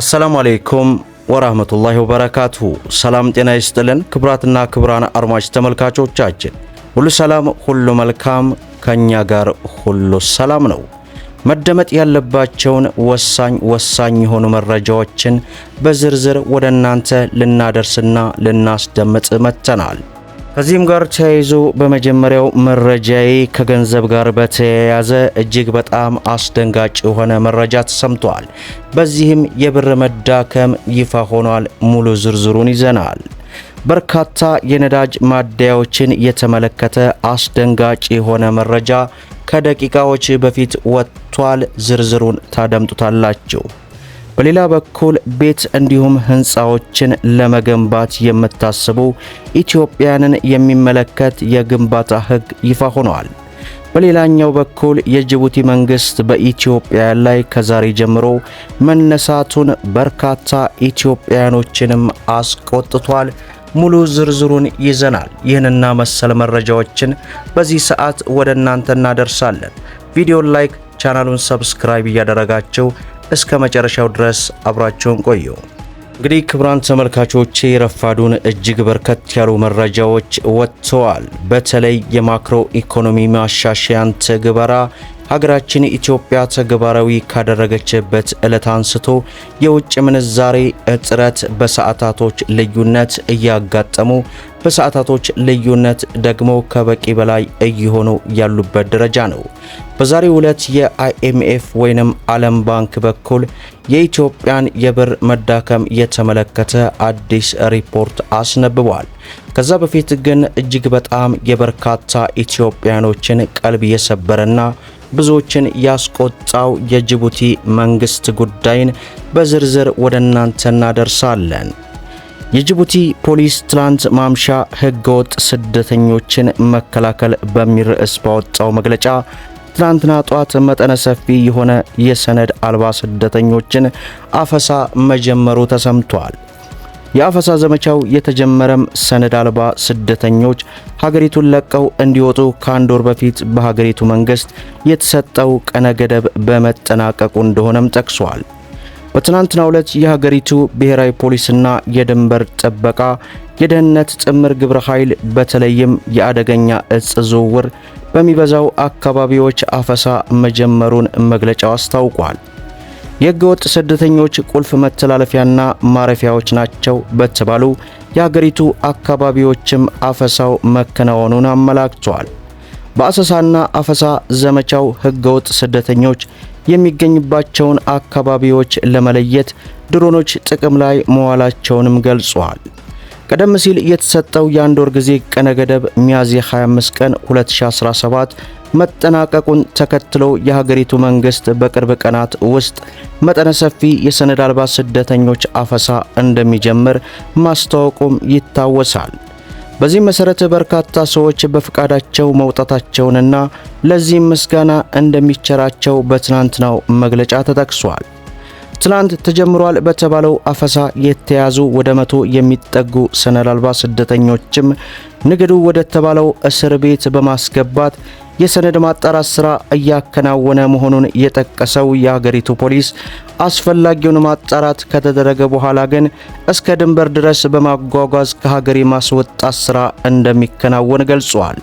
አሰላሙ አሌይኩም ወራህመቱላሂ ወበረካቱሁ። ሰላም ጤና ይስጥልን ክብራትና ክብራን አድማጭ ተመልካቾቻችን ሁሉ ሰላም፣ ሁሉ መልካም፣ ከእኛ ጋር ሁሉ ሰላም ነው። መደመጥ ያለባቸውን ወሳኝ ወሳኝ የሆኑ መረጃዎችን በዝርዝር ወደ እናንተ ልናደርስና ልናስደምጥ መጥተናል። ከዚህም ጋር ተያይዞ በመጀመሪያው መረጃዬ ከገንዘብ ጋር በተያያዘ እጅግ በጣም አስደንጋጭ የሆነ መረጃ ተሰምቷል። በዚህም የብር መዳከም ይፋ ሆኗል። ሙሉ ዝርዝሩን ይዘናል። በርካታ የነዳጅ ማደያዎችን የተመለከተ አስደንጋጭ የሆነ መረጃ ከደቂቃዎች በፊት ወጥቷል። ዝርዝሩን ታደምጡታላችሁ። በሌላ በኩል ቤት እንዲሁም ህንፃዎችን ለመገንባት የምታስቡ ኢትዮጵያንን የሚመለከት የግንባታ ህግ ይፋ ሆነዋል። በሌላኛው በኩል የጅቡቲ መንግስት በኢትዮጵያ ላይ ከዛሬ ጀምሮ መነሳቱን በርካታ ኢትዮጵያኖችንም አስቆጥቷል። ሙሉ ዝርዝሩን ይዘናል። ይህንና መሰል መረጃዎችን በዚህ ሰዓት ወደ እናንተ እናደርሳለን። ቪዲዮን ላይክ፣ ቻናሉን ሰብስክራይብ እያደረጋችሁ እስከ መጨረሻው ድረስ አብራቸውን ቆዩ። እንግዲህ ክቡራን ተመልካቾቼ ረፋዱን እጅግ በርከት ያሉ መረጃዎች ወጥተዋል። በተለይ የማክሮ ኢኮኖሚ ማሻሻያን ትግበራ ሀገራችን ኢትዮጵያ ተግባራዊ ካደረገችበት ዕለት አንስቶ የውጭ ምንዛሬ እጥረት በሰዓታቶች ልዩነት እያጋጠሙ በሰዓታቶች ልዩነት ደግሞ ከበቂ በላይ እየሆኑ ያሉበት ደረጃ ነው። በዛሬው ዕለት የአይኤምኤፍ ወይንም ዓለም ባንክ በኩል የኢትዮጵያን የብር መዳከም የተመለከተ አዲስ ሪፖርት አስነብቧል። ከዛ በፊት ግን እጅግ በጣም የበርካታ ኢትዮጵያኖችን ቀልብ የሰበረና ብዙዎችን ያስቆጣው የጅቡቲ መንግስት ጉዳይን በዝርዝር ወደ እናንተ እናደርሳለን። የጅቡቲ ፖሊስ ትላንት ማምሻ ህገወጥ ስደተኞችን መከላከል በሚል ርዕስ ባወጣው መግለጫ ትናንትና ጧት መጠነ ሰፊ የሆነ የሰነድ አልባ ስደተኞችን አፈሳ መጀመሩ ተሰምቷል። የአፈሳ ዘመቻው የተጀመረም ሰነድ አልባ ስደተኞች ሀገሪቱን ለቀው እንዲወጡ ከአንድ ወር በፊት በሀገሪቱ መንግስት የተሰጠው ቀነ ገደብ በመጠናቀቁ እንደሆነም ጠቅሷል። በትናንትናው ዕለት የሀገሪቱ ብሔራዊ ፖሊስና የድንበር ጥበቃ የደህንነት ጥምር ግብረ ኃይል በተለይም የአደገኛ እጽ ዝውውር በሚበዛው አካባቢዎች አፈሳ መጀመሩን መግለጫው አስታውቋል። የህገወጥ ስደተኞች ቁልፍ መተላለፊያና ማረፊያዎች ናቸው በተባሉ የሀገሪቱ አካባቢዎችም አፈሳው መከናወኑን አመላክቷል። በአሰሳና አፈሳ ዘመቻው ህገወጥ ስደተኞች የሚገኝባቸውን አካባቢዎች ለመለየት ድሮኖች ጥቅም ላይ መዋላቸውንም ገልጿል። ቀደም ሲል የተሰጠው የአንድ ወር ጊዜ ቀነ ገደብ ሚያዝያ 25 ቀን 2017 መጠናቀቁን ተከትሎ የሀገሪቱ መንግስት በቅርብ ቀናት ውስጥ መጠነ ሰፊ የሰነድ አልባ ስደተኞች አፈሳ እንደሚጀምር ማስታወቁም ይታወሳል። በዚህ መሰረት በርካታ ሰዎች በፍቃዳቸው መውጣታቸውንና ለዚህም ምስጋና እንደሚቸራቸው በትናንትናው መግለጫ ተጠቅሷል። ትናንት ተጀምሯል በተባለው አፈሳ የተያዙ ወደ መቶ የሚጠጉ ሰነድ አልባ ስደተኞችም ንግዱ ወደ ተባለው እስር ቤት በማስገባት የሰነድ ማጣራት ስራ እያከናወነ መሆኑን የጠቀሰው የሀገሪቱ ፖሊስ አስፈላጊውን ማጣራት ከተደረገ በኋላ ግን እስከ ድንበር ድረስ በማጓጓዝ ከሀገር የማስወጣት ስራ እንደሚከናወን ገልጿል።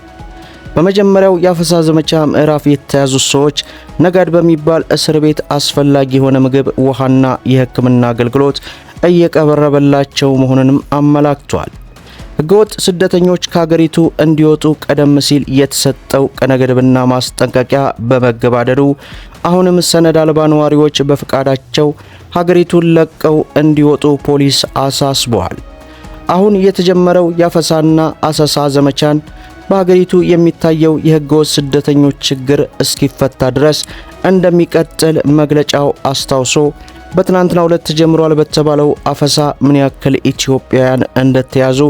በመጀመሪያው የአፈሳ ዘመቻ ምዕራፍ የተያዙ ሰዎች ነጋድ በሚባል እስር ቤት አስፈላጊ የሆነ ምግብ፣ ውሃና የሕክምና አገልግሎት እየቀበረበላቸው መሆኑንም አመላክቷል። ሕገወጥ ስደተኞች ከሀገሪቱ እንዲወጡ ቀደም ሲል የተሰጠው ቀነገድብና ማስጠንቀቂያ በመገባደዱ አሁንም ሰነድ አልባ ነዋሪዎች በፍቃዳቸው ሀገሪቱን ለቀው እንዲወጡ ፖሊስ አሳስበዋል። አሁን የተጀመረው የአፈሳና አሰሳ ዘመቻን በሀገሪቱ የሚታየው የህገወጥ ስደተኞች ችግር እስኪፈታ ድረስ እንደሚቀጥል መግለጫው አስታውሶ በትናንትናው ዕለት ተጀምሯል በተባለው አፈሳ ምን ያክል ኢትዮጵያውያን እንደተያዙ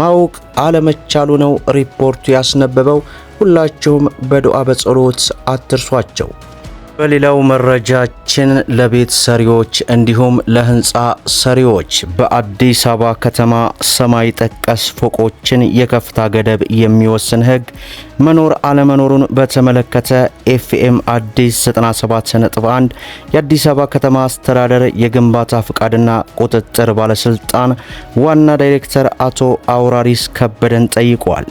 ማወቅ አለመቻሉ ነው ሪፖርቱ ያስነበበው። ሁላችሁም በዱዓ በጸሎት አትርሷቸው። በሌላው መረጃችን ለቤት ሰሪዎች እንዲሁም ለህንፃ ሰሪዎች በአዲስ አበባ ከተማ ሰማይ ጠቀስ ፎቆችን የከፍታ ገደብ የሚወስን ህግ መኖር አለመኖሩን በተመለከተ ኤፍኤም አዲስ 97.1 የአዲስ አበባ ከተማ አስተዳደር የግንባታ ፍቃድና ቁጥጥር ባለስልጣን ዋና ዳይሬክተር አቶ አውራሪስ ከበደን ጠይቋል።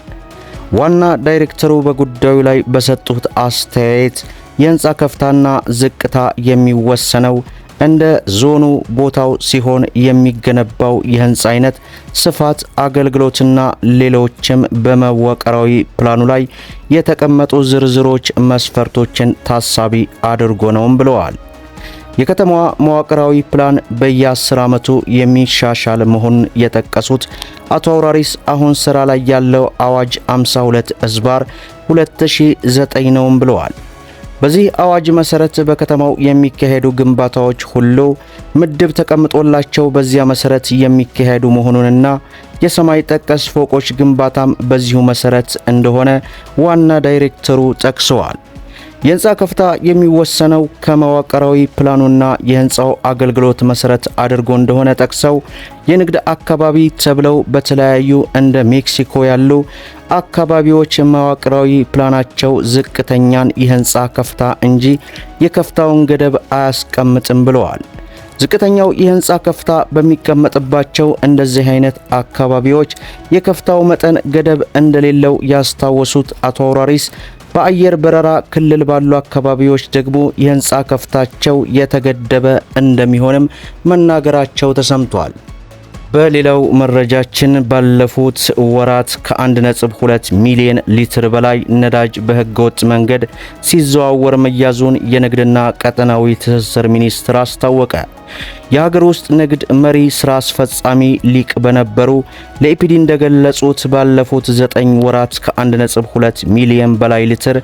ዋና ዳይሬክተሩ በጉዳዩ ላይ በሰጡት አስተያየት የህንፃ ከፍታና ዝቅታ የሚወሰነው እንደ ዞኑ ቦታው ሲሆን የሚገነባው የህንፃ አይነት፣ ስፋት፣ አገልግሎትና ሌሎችም በመዋቅራዊ ፕላኑ ላይ የተቀመጡ ዝርዝሮች መስፈርቶችን ታሳቢ አድርጎ ነውም ብለዋል። የከተማዋ መዋቅራዊ ፕላን በየ10 ዓመቱ የሚሻሻል መሆኑን የጠቀሱት አቶ አውራሪስ አሁን ስራ ላይ ያለው አዋጅ 52 ህዝባር 2009 ነውም ብለዋል። በዚህ አዋጅ መሰረት በከተማው የሚካሄዱ ግንባታዎች ሁሉ ምድብ ተቀምጦላቸው በዚያ መሰረት የሚካሄዱ መሆኑንና የሰማይ ጠቀስ ፎቆች ግንባታም በዚሁ መሰረት እንደሆነ ዋና ዳይሬክተሩ ጠቅሰዋል። የህንፃ ከፍታ የሚወሰነው ከመዋቅራዊ ፕላኑና የህንፃው አገልግሎት መሰረት አድርጎ እንደሆነ ጠቅሰው የንግድ አካባቢ ተብለው በተለያዩ እንደ ሜክሲኮ ያሉ አካባቢዎች መዋቅራዊ ፕላናቸው ዝቅተኛን የህንፃ ከፍታ እንጂ የከፍታውን ገደብ አያስቀምጥም ብለዋል። ዝቅተኛው የህንፃ ከፍታ በሚቀመጥባቸው እንደዚህ አይነት አካባቢዎች የከፍታው መጠን ገደብ እንደሌለው ያስታወሱት አቶ አውራሪስ በአየር በረራ ክልል ባሉ አካባቢዎች ደግሞ የህንፃ ከፍታቸው የተገደበ እንደሚሆንም መናገራቸው ተሰምቷል። በሌላው መረጃችን ባለፉት ወራት ከ1.2 ሚሊዮን ሊትር በላይ ነዳጅ በህገወጥ መንገድ ሲዘዋወር መያዙን የንግድና ቀጠናዊ ትስስር ሚኒስቴር አስታወቀ። የሀገር ውስጥ ንግድ መሪ ስራ አስፈጻሚ ሊቅ በነበሩ ለኢፒዲ እንደገለጹት ባለፉት 9 ወራት ከ1.2 ሚሊዮን በላይ ሊትር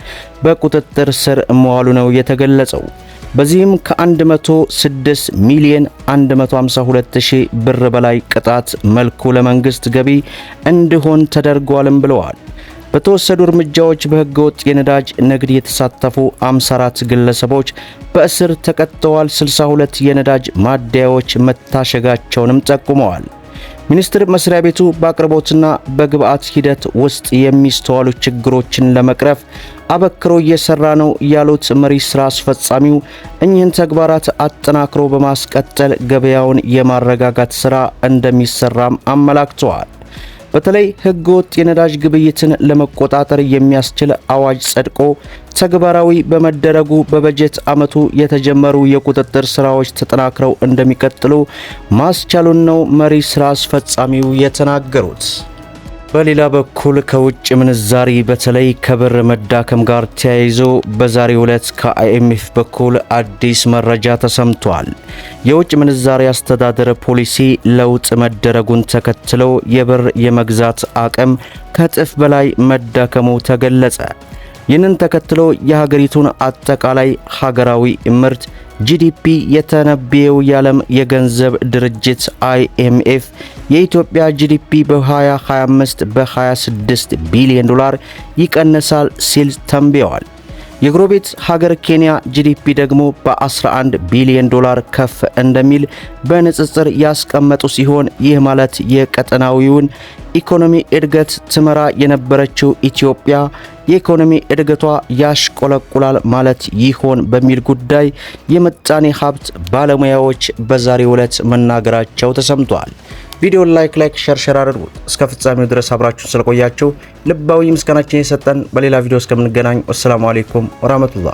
በቁጥጥር ስር መዋሉ ነው የተገለጸው። በዚህም ከ106 ሚሊዮን 152 ሺህ ብር በላይ ቅጣት መልኩ ለመንግስት ገቢ እንዲሆን ተደርጓልም ብለዋል። በተወሰዱ እርምጃዎች በህገወጥ የነዳጅ ንግድ የተሳተፉ 54 ግለሰቦች በእስር ተቀጥተዋል። 62 የነዳጅ ማደያዎች መታሸጋቸውንም ጠቁመዋል። ሚኒስቴር መስሪያ ቤቱ በአቅርቦትና በግብአት ሂደት ውስጥ የሚስተዋሉ ችግሮችን ለመቅረፍ አበክሮ እየሰራ ነው ያሉት መሪ ስራ አስፈጻሚው እኚህን ተግባራት አጠናክሮ በማስቀጠል ገበያውን የማረጋጋት ስራ እንደሚሰራም አመላክተዋል። በተለይ ህገወጥ የነዳጅ ግብይትን ለመቆጣጠር የሚያስችል አዋጅ ጸድቆ ተግባራዊ በመደረጉ በበጀት ዓመቱ የተጀመሩ የቁጥጥር ስራዎች ተጠናክረው እንደሚቀጥሉ ማስቻሉን ነው መሪ ስራ አስፈጻሚው የተናገሩት። በሌላ በኩል ከውጭ ምንዛሪ በተለይ ከብር መዳከም ጋር ተያይዞ በዛሬው ዕለት ከአይኤምኤፍ በኩል አዲስ መረጃ ተሰምቷል። የውጭ ምንዛሪ አስተዳደር ፖሊሲ ለውጥ መደረጉን ተከትሎ የብር የመግዛት አቅም ከእጥፍ በላይ መዳከሙ ተገለጸ። ይህንን ተከትሎ የሀገሪቱን አጠቃላይ ሀገራዊ ምርት ጂዲፒ የተነበየው የዓለም የገንዘብ ድርጅት አይኤምኤፍ የኢትዮጵያ ጂዲፒ በ2025 በ26 ቢሊዮን ዶላር ይቀንሳል ሲል ተንብየዋል። የጎረቤት ሀገር ኬንያ ጂዲፒ ደግሞ በ11 ቢሊዮን ዶላር ከፍ እንደሚል በንጽጽር ያስቀመጡ ሲሆን ይህ ማለት የቀጠናዊውን ኢኮኖሚ እድገት ትመራ የነበረችው ኢትዮጵያ የኢኮኖሚ እድገቷ ያሽቆለቁላል ማለት ይሆን በሚል ጉዳይ የምጣኔ ሀብት ባለሙያዎች በዛሬው ዕለት መናገራቸው ተሰምቷል። ቪዲዮን ላይክ ላይክ ሸር ሸር አድርጉ። እስከ ፍጻሜው ድረስ አብራችሁን ስለቆያችሁ ልባዊ ምስጋናችን የሰጠን። በሌላ ቪዲዮ እስከምንገናኝ ወሰላሙ አሌይኩም ወራህመቱላህ